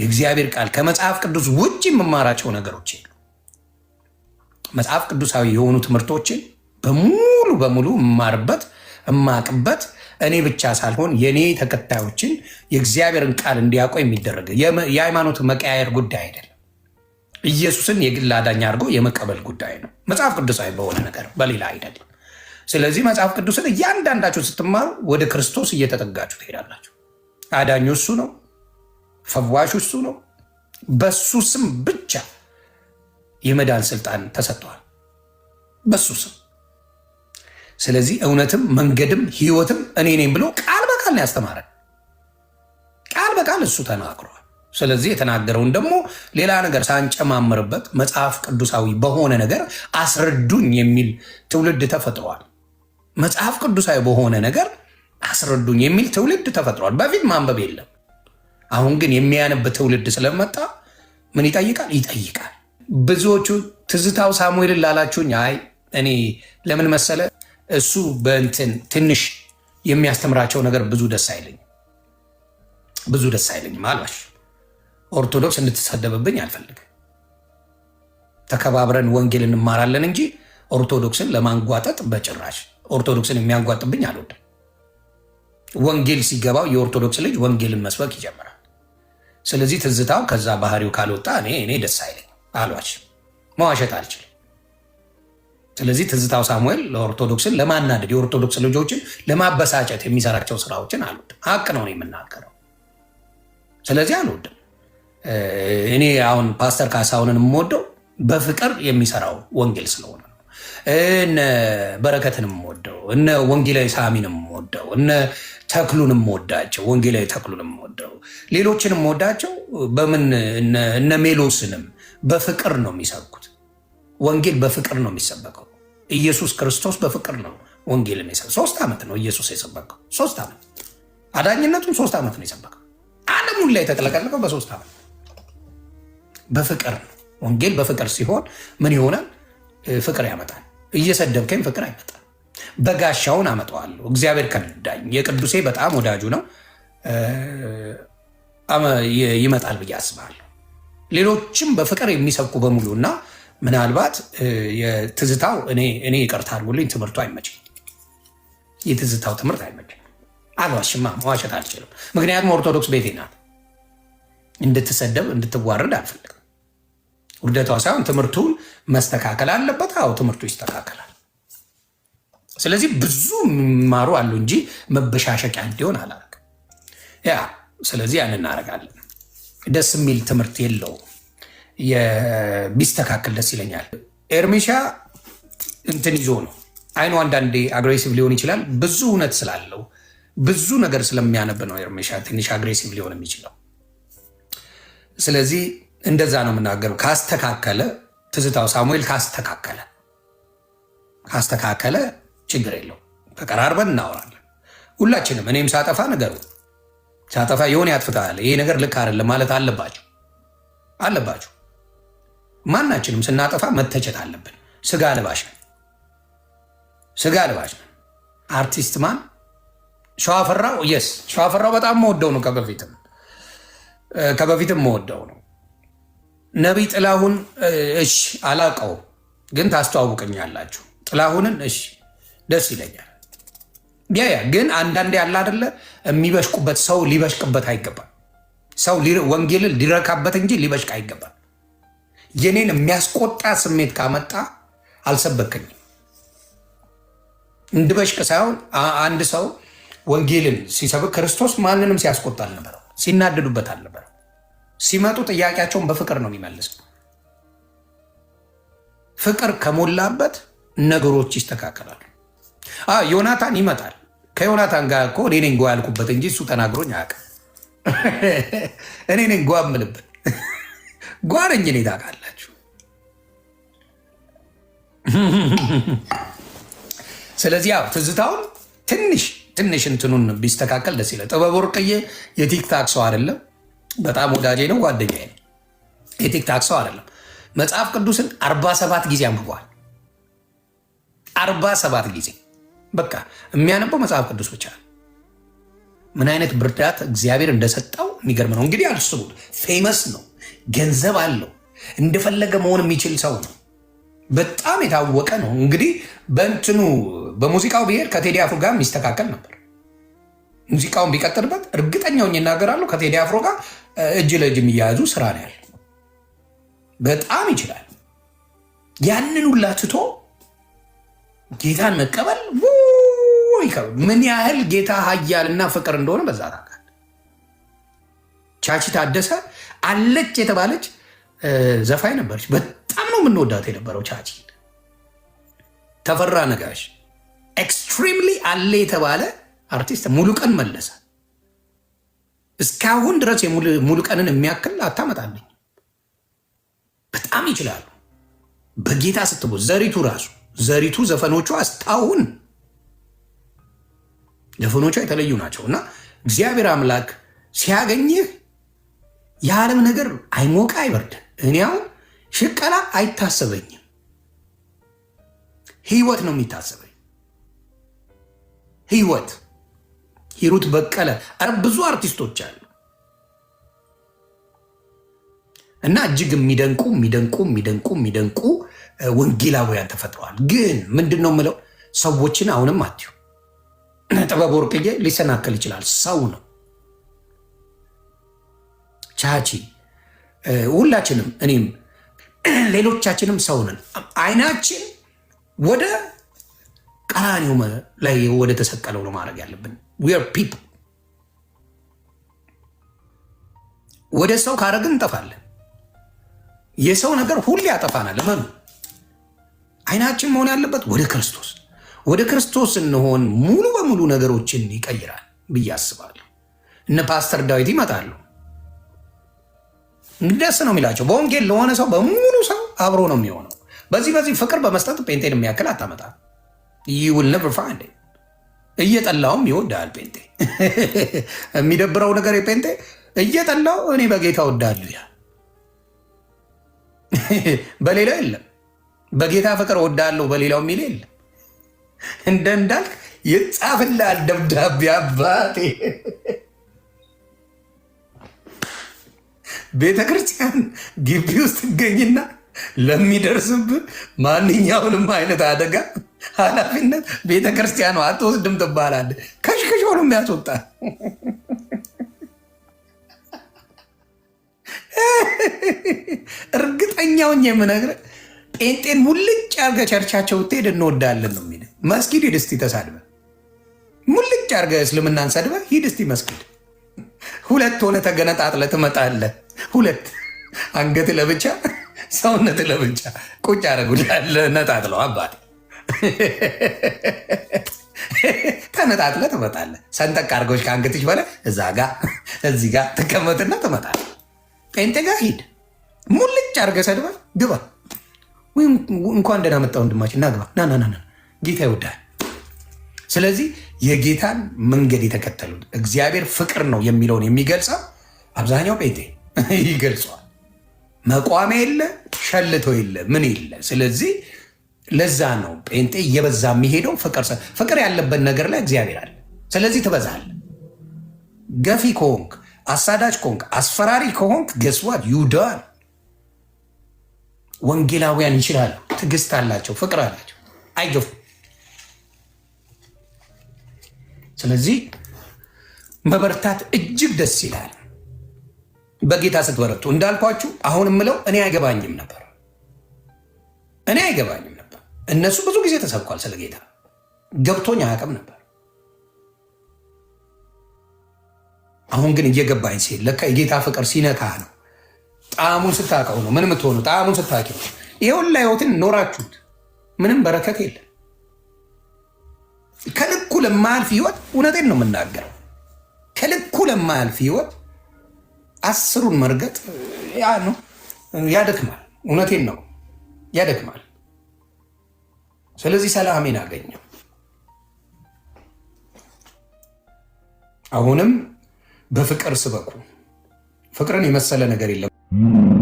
የእግዚአብሔር ቃል ከመጽሐፍ ቅዱስ ውጭ የምማራቸው ነገሮች የሉ። መጽሐፍ ቅዱሳዊ የሆኑ ትምህርቶችን በሙሉ በሙሉ እማርበት እማቅበት እኔ ብቻ ሳልሆን የእኔ ተከታዮችን የእግዚአብሔርን ቃል እንዲያውቁ የሚደረግ የሃይማኖት መቀያየር ጉዳይ አይደለም። ኢየሱስን የግል አዳኝ አድርጎ የመቀበል ጉዳይ ነው። መጽሐፍ ቅዱሳዊ በሆነ ነገር በሌላ አይደለም። ስለዚህ መጽሐፍ ቅዱስን እያንዳንዳችሁ ስትማሩ ወደ ክርስቶስ እየተጠጋችሁ ትሄዳላችሁ። አዳኙ እሱ ነው። ፈዋሹ እሱ ነው። በሱ ስም ብቻ የመዳን ስልጣን ተሰጥቷል። በሱ ስም። ስለዚህ እውነትም መንገድም ህይወትም እኔ ነኝ ብሎ ቃል በቃል ነው ያስተማረን። ቃል በቃል እሱ ተናግሯል። ስለዚህ የተናገረውን ደግሞ ሌላ ነገር ሳንጨማምርበት መጽሐፍ ቅዱሳዊ በሆነ ነገር አስረዱኝ የሚል ትውልድ ተፈጥሯል። መጽሐፍ ቅዱሳዊ በሆነ ነገር አስረዱኝ የሚል ትውልድ ተፈጥሯል። በፊት ማንበብ የለም አሁን ግን የሚያነብ ትውልድ ስለመጣ ምን ይጠይቃል ይጠይቃል። ብዙዎቹ ትዝታው ሳሙኤልን ላላችሁኝ፣ አይ እኔ ለምን መሰለ እሱ በእንትን ትንሽ የሚያስተምራቸው ነገር ብዙ ደስ አይለኝም፣ ብዙ ደስ አይለኝም። አልባሽ ኦርቶዶክስ እንድትሳደብብኝ አልፈልግም። ተከባብረን ወንጌል እንማራለን እንጂ ኦርቶዶክስን ለማንጓጠጥ በጭራሽ ኦርቶዶክስን የሚያንጓጥብኝ አልወድም። ወንጌል ሲገባው የኦርቶዶክስ ልጅ ወንጌልን መስበክ ይጀምራል። ስለዚህ ትዝታው ከዛ ባህሪው ካልወጣ እኔ እኔ ደስ አይለኝ አሏች። መዋሸት አልችልም። ስለዚህ ትዝታው ሳሙኤል ለኦርቶዶክስን ለማናደድ የኦርቶዶክስ ልጆችን ለማበሳጨት የሚሰራቸው ስራዎችን አልወድም። ሀቅ ነው የምናገረው። ስለዚህ አልወድም። እኔ አሁን ፓስተር ካሳሁንን የምወደው በፍቅር የሚሰራው ወንጌል ስለሆነ እነ በረከትንም ወደው እነ ወንጌላዊ ሳሚን ወደው እነ ተክሉንም ወዳቸው ወንጌላዊ ተክሉን ወደው ሌሎችንም ወዳቸው በምን እነ ሜሎስንም በፍቅር ነው የሚሰብኩት። ወንጌል በፍቅር ነው የሚሰበከው። ኢየሱስ ክርስቶስ በፍቅር ነው ወንጌልን የሰበከው። ሶስት ዓመት ነው ኢየሱስ የሰበከው። ሶስት ዓመት አዳኝነቱን ሶስት ዓመት ነው የሰበከው። ዓለሙን ላይ የተቀለቀለቀው በሶስት ዓመት በፍቅር ነው። ወንጌል በፍቅር ሲሆን ምን ይሆናል? ፍቅር ያመጣል። እየሰደብከኝ ፍቅር አይመጣም። በጋሻውን አመጣዋለሁ። እግዚአብሔር ከዳኝ የቅዱሴ በጣም ወዳጁ ነው ይመጣል ብዬ አስባለሁ። ሌሎችም በፍቅር የሚሰብኩ በሙሉ እና ምናልባት የትዝታው እኔ ይቅርታ አድርጉልኝ፣ ትምህርቱ አይመችኝ። የትዝታው ትምህርት አይመችኝ። አልዋሽማ፣ መዋሸት አልችልም። ምክንያቱም ኦርቶዶክስ ቤቴ ናት። እንድትሰደብ እንድትዋረድ አልፈልግም። ውርደታው ሳይሆን ትምህርቱን መስተካከል አለበት። አዎ ትምህርቱ ይስተካከላል። ስለዚህ ብዙ የሚማሩ አሉ እንጂ መበሻሸቂያ እንዲሆን አላደረግም። ያ ስለዚህ ያን እናደርጋለን። ደስ የሚል ትምህርት የለውም። ቢስተካከል ደስ ይለኛል። ኤርሜሻ እንትን ይዞ ነው አይኑ አንዳንዴ አግሬሲቭ ሊሆን ይችላል። ብዙ እውነት ስላለው ብዙ ነገር ስለሚያነብ ነው ኤርሜሻ ትንሽ አግሬሲቭ ሊሆን የሚችለው ስለዚህ እንደዛ ነው የምናገረው። ካስተካከለ ትዝታው ሳሙኤል ካስተካከለ ካስተካከለ ችግር የለው፣ ተቀራርበን እናወራለን። ሁላችንም እኔም ሳጠፋ ነገሩ ሳጠፋ የሆነ ያጥፍታል፣ ይሄ ነገር ልክ አይደለም ማለት አለባቸው አለባቸው። ማናችንም ስናጠፋ መተቸት አለብን። ስጋ ልባሽ ነን፣ ስጋ ልባሽ ነን። አርቲስት ማን ሸዋፈራው የስ ሸዋፈራው በጣም መወደው ነው። ከበፊትም ከበፊትም መወደው ነው ነቢይ ጥላሁን እሺ፣ አላውቀውም ግን ታስተዋውቀኛላችሁ። ጥላሁንን እሺ፣ ደስ ይለኛል። ያ ያ ግን አንዳንዴ ያለ አደለ የሚበሽቁበት ሰው ሊበሽቅበት አይገባል። ሰው ወንጌልን ሊረካበት እንጂ ሊበሽቅ አይገባል። የኔን የሚያስቆጣ ስሜት ካመጣ አልሰበከኝም። እንድበሽቅ ሳይሆን አንድ ሰው ወንጌልን ሲሰብክ ክርስቶስ ማንንም ሲያስቆጣ አልነበረው፣ ሲናደዱበት አልነበረው። ሲመጡ ጥያቄያቸውን በፍቅር ነው የሚመልስ። ፍቅር ከሞላበት ነገሮች ይስተካከላሉ። ዮናታን ይመጣል። ከዮናታን ጋር እኮ እኔ ነኝ ጓ ያልኩበት እንጂ እሱ ተናግሮኝ አያውቅም። እኔ ነኝ ጓ የምልበት ጓ ነኝ እኔ ታውቃላችሁ። ስለዚህ ያው ትዝታውን ትንሽ ትንሽ እንትኑን ቢስተካከል ደስ ይላል። ጥበብ ወርቅዬ የቲክታክ ሰው አይደለም። በጣም ወዳጄ ነው፣ ጓደኛዬ ነው። የቲክታክ ሰው አይደለም። መጽሐፍ ቅዱስን አርባ ሰባት ጊዜ አንብቧል። አርባ ሰባት ጊዜ በቃ የሚያነበው መጽሐፍ ቅዱስ ብቻ ምን አይነት ብርዳት እግዚአብሔር እንደሰጠው የሚገርም ነው። እንግዲህ አልስቡት። ፌመስ ነው፣ ገንዘብ አለው፣ እንደፈለገ መሆን የሚችል ሰው ነው። በጣም የታወቀ ነው። እንግዲህ በእንትኑ በሙዚቃው ብሄድ ከቴዲ አፍሮ ጋር የሚስተካከል ነበር። ሙዚቃውን ቢቀጥልበት እርግጠኛው ይናገራሉ። ከቴዲ አፍሮ ጋር እጅ ለእጅ የሚያያዙ ስራ ነው ያለ። በጣም ይችላል። ያንን ሁላ ትቶ ጌታን መቀበል ምን ያህል ጌታ ሀያልና ፍቅር እንደሆነ በዛ ታውቃለህ። ቻቺ ታደሰ አለች የተባለች ዘፋኝ ነበረች። በጣም ነው የምንወዳት የነበረው ቻቺ። ተፈራ ነጋሽ ኤክስትሪምሊ አለ የተባለ አርቲስት ሙሉቀን መለሰ እስካሁን ድረስ ሙሉቀንን የሚያክል አታመጣልኝ። በጣም ይችላሉ። በጌታ ስትቦ ዘሪቱ ራሱ ዘሪቱ ዘፈኖቿ እስካሁን ዘፈኖቿ የተለዩ ናቸው እና እግዚአብሔር አምላክ ሲያገኝህ የዓለም ነገር አይሞቀ አይበርድ። እኔ አሁን ሽቀላ አይታሰበኝም፣ ህይወት ነው የሚታሰበኝ ህይወት ሂሩት በቀለ፣ ኧረ ብዙ አርቲስቶች አሉ እና እጅግ የሚደንቁ የሚደንቁ የሚደንቁ የሚደንቁ ወንጌላውያን ተፈጥረዋል። ግን ምንድን ነው የምለው ሰዎችን አሁንም አትዩ ጥበብ ወርቅዬ ሊሰናከል ይችላል። ሰው ነው ቻቺ፣ ሁላችንም እኔም ሌሎቻችንም ሰው ነን። አይናችን ወደ ቀራኒው ላይ ወደ ተሰቀለው ነው ማድረግ ያለብን። ዊ are people ወደ ሰው ካረግን እንጠፋለን። የሰው ነገር ሁሌ ያጠፋናል። ለመኑ አይናችን መሆን ያለበት ወደ ክርስቶስ ወደ ክርስቶስ እንሆን ሙሉ በሙሉ ነገሮችን ይቀይራል ብዬ አስባለሁ። እነ ፓስተር ዳዊት ይመጣሉ። ደስ ነው የሚላቸው በወንጌል ለሆነ ሰው በሙሉ ሰው አብሮ ነው የሚሆነው። በዚህ በዚህ ፍቅር በመስጠት ጴንጤን የሚያክል አታመጣም። ዩ ዊል ነቨር ፋይንድ እየጠላውም ይወዳል ጴንጤ። የሚደብረው ነገር የጴንጤ እየጠላው እኔ በጌታ ወዳለሁ ያ በሌላው የለም። በጌታ ፍቅር ወዳለሁ በሌላው የሚል የለም። እንደ እንዳልክ ይጻፍልሃል ደብዳቤ አባቴ። ቤተ ክርስቲያን ግቢ ውስጥ ትገኝና ለሚደርስብህ ማንኛውንም አይነት አደጋ ኃላፊነት ቤተክርስቲያኗ አትወስድም ትባላለህ። ከሽከሽ ሆኖ የሚያስወጣ እርግጠኛውን የምነግርህ ጴንጤን ሙልጭ አርገ ቸርቻቸው ብትሄድ እንወዳለን ነው የሚልህ። መስጊድ ሂድ እስኪ ተሳድበህ፣ ሙልጭ አርገ እስልምናን ሰድበህ ሂድ እስኪ መስጊድ። ሁለት ሆነ ተገነጣጥለህ ትመጣለህ። ሁለት አንገት ለብቻ ሰውነት ለብቻ ቁጭ አደረጉልህ ነጣጥለው አባቴ ተነጣጥለህ ትመጣለ ሰንጠቅ አድርጎች ከአንገትሽ በላይ እዛ ጋ እዚህ ጋ ትቀመጥና ትመጣለህ። ጴንጤ ጋ ሂድ፣ ሙልጭ አድርገህ ሰድበህ ግባ። ወይም እንኳን ደህና መጣህ ወንድማችን፣ ና ግባ፣ ና ና፣ ጌታ ይወዳል። ስለዚህ የጌታን መንገድ የተከተሉት እግዚአብሔር ፍቅር ነው የሚለውን የሚገልጸው አብዛኛው ጴንጤ ይገልጸዋል። መቋሚያ የለ ሸልቶ የለ ምን የለ። ስለዚህ ለዛ ነው ጴንጤ እየበዛ የሚሄደው። ፍቅር ፍቅር ያለበት ነገር ላይ እግዚአብሔር አለ። ስለዚህ ትበዛል። ገፊ ከሆንክ፣ አሳዳጅ ከሆንክ፣ አስፈራሪ ከሆንክ ገስዋት ይውደዋል። ወንጌላውያን ይችላሉ። ትዕግስት አላቸው፣ ፍቅር አላቸው፣ አይገፉም። ስለዚህ መበርታት እጅግ ደስ ይላል። በጌታ ስትበረቱ እንዳልኳችሁ አሁን የምለው እኔ አይገባኝም ነበር እኔ አይገባኝም እነሱ ብዙ ጊዜ ተሰብኳል። ስለ ጌታ ገብቶኝ አያውቅም ነበር። አሁን ግን እየገባኝ ሲል ለካ የጌታ ፍቅር ሲነካ ነው። ጣዕሙን ስታውቀው ነው ምን የምትሆኑ። ጣዕሙን ስታውቂው ነው። ይሄውን ላይወትን ኖራችሁት ምንም በረከት የለም። ከልኩ ለማያልፍ ህይወት፣ እውነቴን ነው የምናገረው። ከልኩ ለማያልፍ ህይወት አስሩን መርገጥ ያ ነው ያደክማል። እውነቴን ነው ያደክማል። ስለዚህ ሰላሜን አገኘው። አሁንም በፍቅር ስበኩ። ፍቅርን የመሰለ ነገር የለም።